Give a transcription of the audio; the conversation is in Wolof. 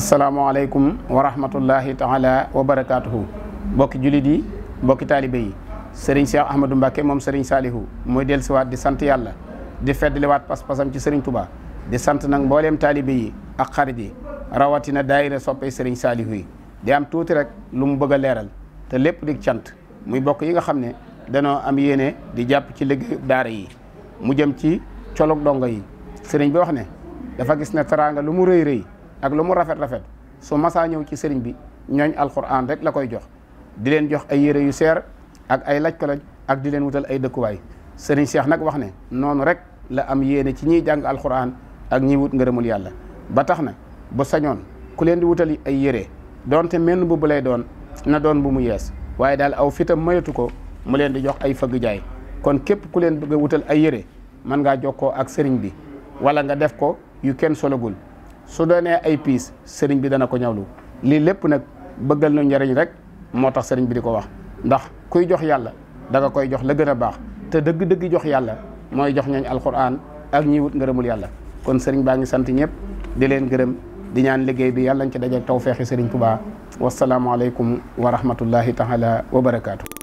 asalaamaaleykum wa rahmatullahi taala wa barakaatuhu mbokki jullit yi mbokki taalibe yi sëriñ Cheikh Ahmadou Mbacke moom sëriñ Saalihu mooy dellusiwaat di sant yàlla di feddliwaat pas-pasam ci sëriñ Touba di sant nag mbooleem taalibe yi ak xarit yi rawatina daayira soppe sëriñ Saalihu yi di am tuuti rek lu mu bëgg a leeral te lépp di cant muy bokk yi nga xam ne danoo am yéene di jàpp ci liggéey daara yi mu jëm ci colog dongo yi sëriñ bi wax ne dafa gis ne teraanga lu mu rëy rëy ak lu mu rafet rafet su masaa ñëw ci sëriñ bi ñooñ alxuraan rek la koy jox di leen jox ay yére yu seer ak ay laj koloj ak di leen wutal ay dëkkuwaay sëriñ Cheikh nag wax ne noonu rek la am yéene ci ñiy jàng alxuraan ak ñiy wut nga ngërëmul yàlla ba tax na bu sañoon ku leen di wutali ay yére donte menn bu bu lay doon na doon bu mu yees waaye daal aw fitam mayatu ko mu leen di jox ay fëgg jaay kon képp ku leen bëgg a wutal ay yére mën ngaa jokkoo ak sëriñ bi wala nga def ko yu kenn solagul su doonee ay piis sëriñ bi dana ko ñawlu lii lépp nag bëggal nu njariñ rek moo tax sëriñ bi di ko wax ndax kuy jox yàlla da koy jox la gën a baax te dëgg-dëgg jox yàlla mooy jox ñooñ alquran ak ñiy wut ngërëmul yàlla kon sëriñ baa ngi sant ñëpp di leen gërëm di ñaan liggéey bi yàlla nañ ci dajeeg tawféexi sëriñ Tuubaa wasalaamualeykum wa rahmatullahi taala wa barakaatu.